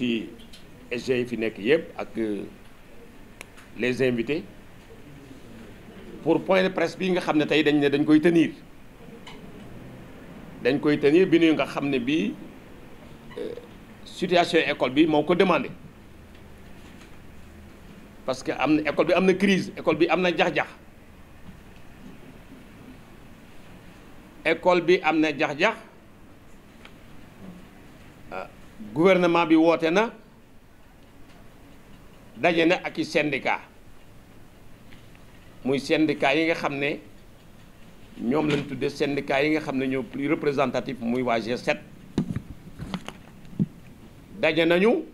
aussi SG yi fi nekk yëpp ak euh, les invités pour point de presse bi nga xam ne tey dañ ne dañ koy tenir dañ koy tenir bi nuy nga xam ne bii euh, situation école bi moo ko demandé parce que am na école bi am na crise école bi am na jax-jax école bi am na jax-jax ah, gouvernement bi woote na daje na ak i syndicat muy syndicat yi nga xam ne ñoom lañ tudde syndicat yi nga xam ne ñoo plus représentatif muy waa g daje nañu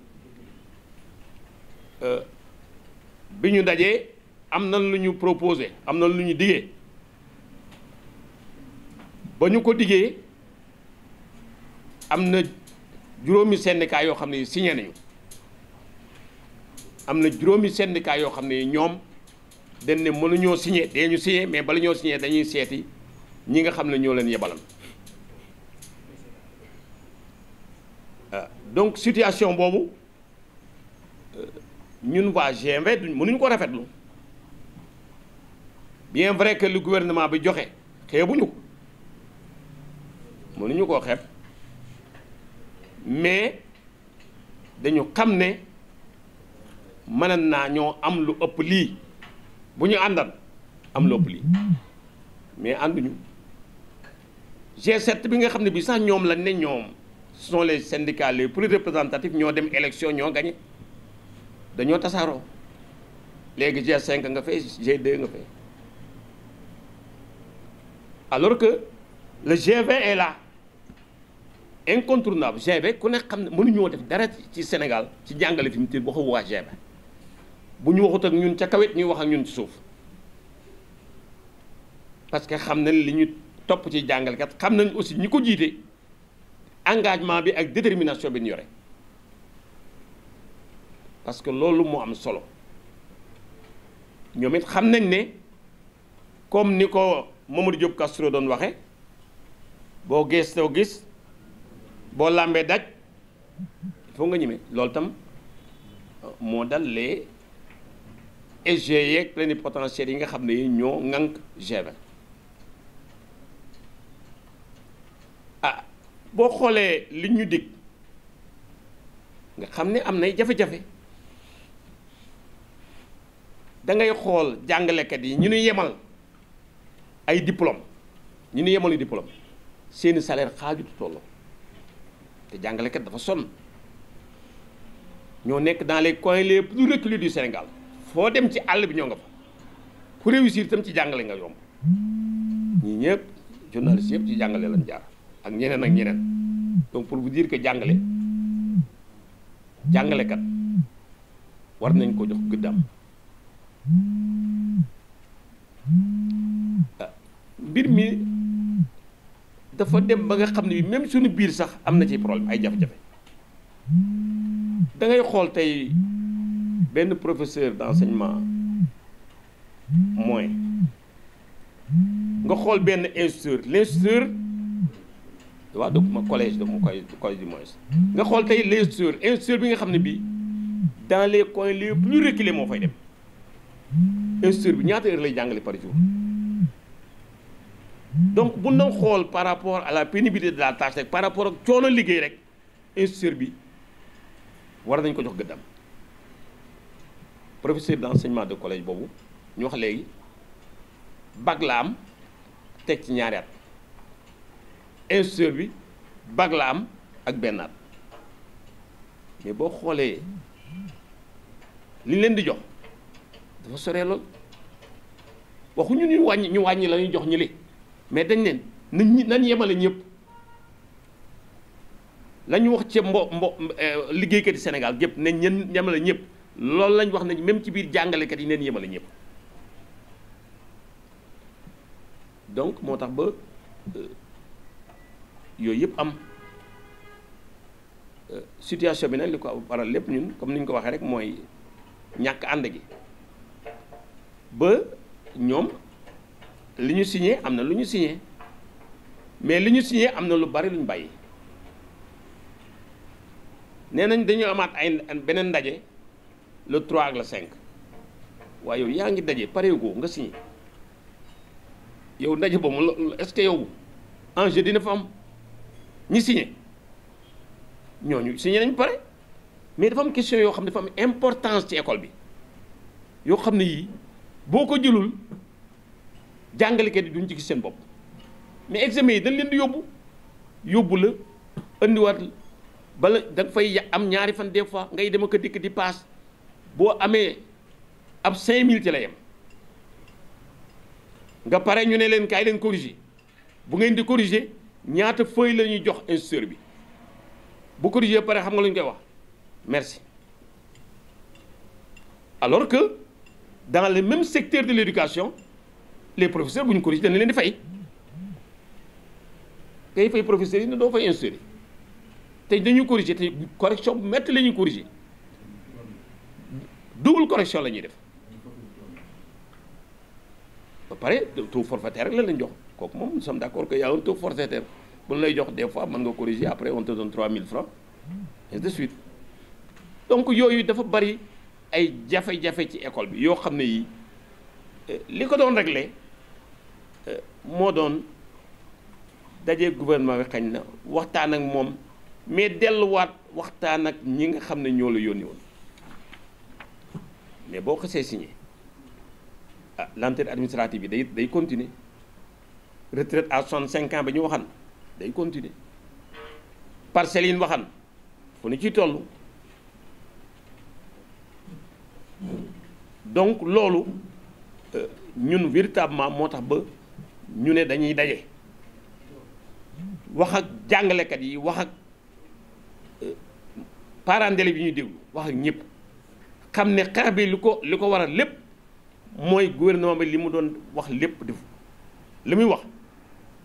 euh, bi ñu dajee am na lu ñu proposé am na lu ñu diggee ba ñu ko diggee am na juróomi syndicat yoo xam ne signé nañu am na juróomi syndicat yoo xam ne ñoom dañ ne mënuñoo signé dee ñu signé mais bala ñoo signé dañuy seeti ñi nga xam ne ñoo leen yebalan euh, donc situation boobu euh, ñun waa G20 duñ mënuñu ko rafetlu bien vrai que le gouvernement bi joxe xeebuñu ko mënuñu ko xeeb. mais dañu xam ne mën naa ñoo am lu ëpp lii bu ñu àndan am lu ëpp lii mais ànduñu G7 bi nga xam ne bii sax ñoom lañ ne ñoom ce sont les syndicats les plus représentatifs ñoo dem élection ñoo gagné dañoo tasaaroo léegi g cinq nga fay G2 nga fay alors que le G20 est là. incontournable GB ku ne xam ne mënuñoo def dara ci Sénégal ci jàngale fi mu te waxu waa GB bu ñu waxut ak ñun ca kawit ñuy wax ak ñun ci suuf parce que xam nañ li ñu topp ci jàngalekat xam nañ aussi ñi ko jiite engagement bi ak détermination bi ñu yore parce que loolu moo am solo ñoom it xam nañ ne comme ni ko Mamadou Diop Castro doon waxe boo gëstoo gis boo làmbee daj foo faut nga ñemee loolu tam moo dal les SG yeeg plénipotentiaires yi nga xam ne ñoo ŋànk G20 ah boo xoolee li ñu dig nga xam ne am nay jafe-jafe dangay xool jàngalekat yi ñu nu yemal ay diplôme ñu nu yemal yu seeni salaire xaaju du te jàngalekat dafa sonn ñoo nekk dans les coins les plus reculés du Sénégal foo dem ci àll bi ñoo nga fa ku réussir tam ci jàngale nga yomb ñii ñëpp journaliste yëpp ci jàngale lañ jaar ak ñeneen ak ñeneen donc pour vous dire que jàngale jàngalekat war nañ ko jox gëddam ah, mbir mi dafa dem ba nga xam ne bi même suñu biir sax am na ci problème ay jafe-jafe da ngay xool tey benn professeur d'enseignement mooy nga xool benn instituteur l'instituteur waaw donc ma collège de mon collège du moins nga xool tey l'instituteur instituteur bi nga xam ne bii dans les coins les plus reculés moo fay dem instituteur bi ñaata heure lay jàngale par jour donc bu ñu xool par rapport a la pénibilité de la tâche rek par rapport ak coono liggéey rek instituteur bi war nañ ko jox gëddam professeur d'enseignement de collège boobu ñu wax léegi bag la am teg ci ñaari at bi bac la am ak benn at mais boo xoolee li leen di jox dafa soree lool waxuñu ñu wàññi ñu wàññi la ñuy jox ñi li mais dañ leen nañ nañ yemale ñëpp la wax ca mbo mbo eh, liggéeykat yi Sénégal gépp ne ñen yemale ñëpp loolu lañ wax nañ même ci biir jàngalekat yi neen yemale ñëpp donc moo tax ba eh, yooyu yëpp am eh, situation bi nag li ko waral lépp ñun comme ni ñu ko waxee rek mooy ñàkk ànd gi ba ñoom li ñu signé am na lu ñu signé mais li ñu signé am na lu bari lu ñu bàyyi nee nañ dañu amaat ay beneen ndaje le 3 ak le 5 waaye yow yaa ngi daje pareegoo nga signé yow ndaje boobu est-ce que yow dina fa am ñi signé ñooñu signé nañ pare mais dafa am question yoo xam ne dafa am importance ci école bi yoo xam ne yii boo ko jëlul. jàngalekat yi duñ ci gis seen bopp mais examen yi dañ leen di yóbbu yóbbu la indiwaat bala da fay fay am ñaari fan des fois ngay dem ak a dikk di paas boo amee ab 5000 ci la yem nga pare ñu ne leen kaay leen corriger bu ngeen di corriger ñaata feuille la ñuy jox instituteur bi bu corriger pare xam nga lu koy wax merci alors que dans le même secteur de l'éducation les professeurs bu ñu corrigé dañ leen di fay ngay fay professeurs yi ne doo fay instruire te dañuy corrigé te correction bu metti la ñuy corrigé double correction la ñuy def ba pare taux forfaitaire rek la leen jox kooku moom nous sommes d'accord que y a un taux forfaitaire bu ñu lay jox des fois mën nga corriger après on te donne 3000 francs de suite donc yooyu dafa bari ay jafe-jafe ci école bi yoo xam ne yi eh, li ko doon le moo doon daje gouvernement bi xañ na waxtaan ak moom mais delluwaat waxtaan ak ñi nga xam ne ñoo la yónni woon mais boo xasee signé ah lenteur administrative bi day day continuer retraite à 65 ans ba ñu waxan day continuer parcelles yi ñu waxan fu ñu ciy toll donc loolu euh, ñun véritablement moo tax ba ñu ne dañuy daje wax ak jàngalekat yi wax ak euh, parents bi ñuy déglu wax ak ñëpp xam ne xeex bi li ko li ko waral lépp mooy gouvernement bi li mu doon wax lépp def li muy wax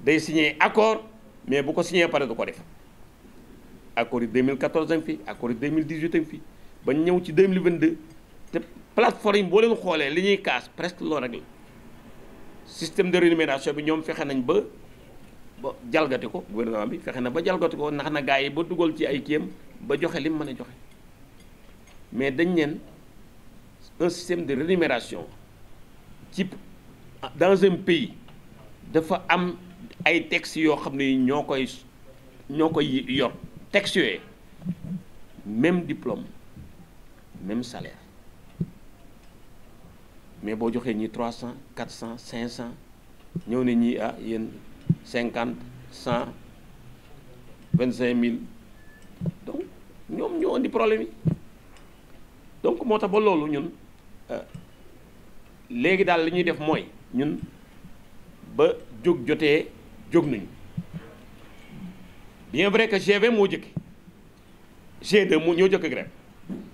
day signé accord mais bu ko signé pare du ko defe accord yi 2014 am fi accord yi 2018 am fi ba ñëw ci 2022 te plateforme yi boo leen xoolee li ñuy kaas presque loo rek la système de rémunération bi ñoom fexe nañ ba ba jalgati ko gouvernement bi fexe na ba jalgati ko ndax na gars yi ba dugal ci ay kéem ba joxe lim mën a joxe mais dañ neen un système de rémunération ci dans un pays dafa am ay textes yoo xam ne ñoo koy ñoo koy yor textes yooyu même diplôme même salaire mais boo joxee ñi cent 400 cent ñëw ne ñii ah yéen 50 100 25000 donc ñoom ñoo indi problème yi donc moo tax ba loolu ñun euh, léegi daal li ñuy def mooy ñun ba jóg jotee jóg nañu bien vrai que g moo jëkk G2 moo ñoo jëkk grève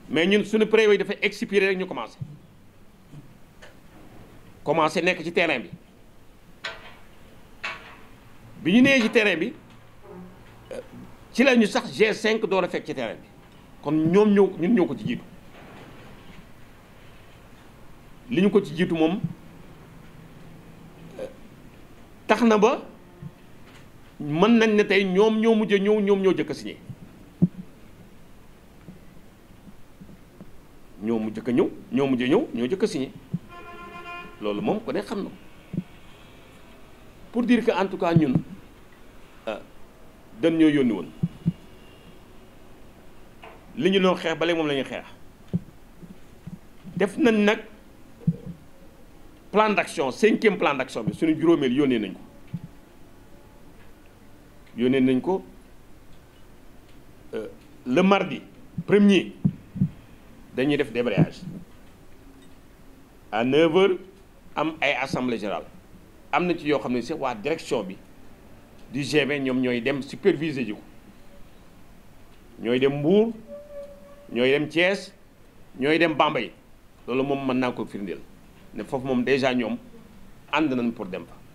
mais ñun suñu prévu dafay expiré rek ñu commencé. commencé nekk ci terrain bi bi ñu nee ci terrain bi euh, ci la ñu sax G5 door a fekk ci terrain bi kon ñoom ñoo ñun ñoo ko ci jiitu li ñu ko ci jiitu moom euh, tax na ba mën nañ ne tey ñoom ñoo mujj ñëw ñoom ñoo jëkk a signé ñoo mujj a ñëw ñoo mujj ñëw ñoo jëkk a signé loolu moom ku ne xam na pour dire que en tout cas ñun euh, dañ ñoo yónni woon li ñu doon xeex bale moom la ñuy xeex def nañ nag plan d'action cinquième plan d'action bi suñu juróomeel yónnee nañ ko yónnee nañ ko euh, le mardi premier dañuy def débrayage à 9 am ay assemblée générale am na ci yoo xam ne sax waa direction bi du g ñoom ñooy dem superviser ji ko ñooy dem Mbour ñooy dem Thiès ñooy dem yi loolu moom mën naa ko firndeel ne foofu moom déjà ñoom ànd nañ pour dem fa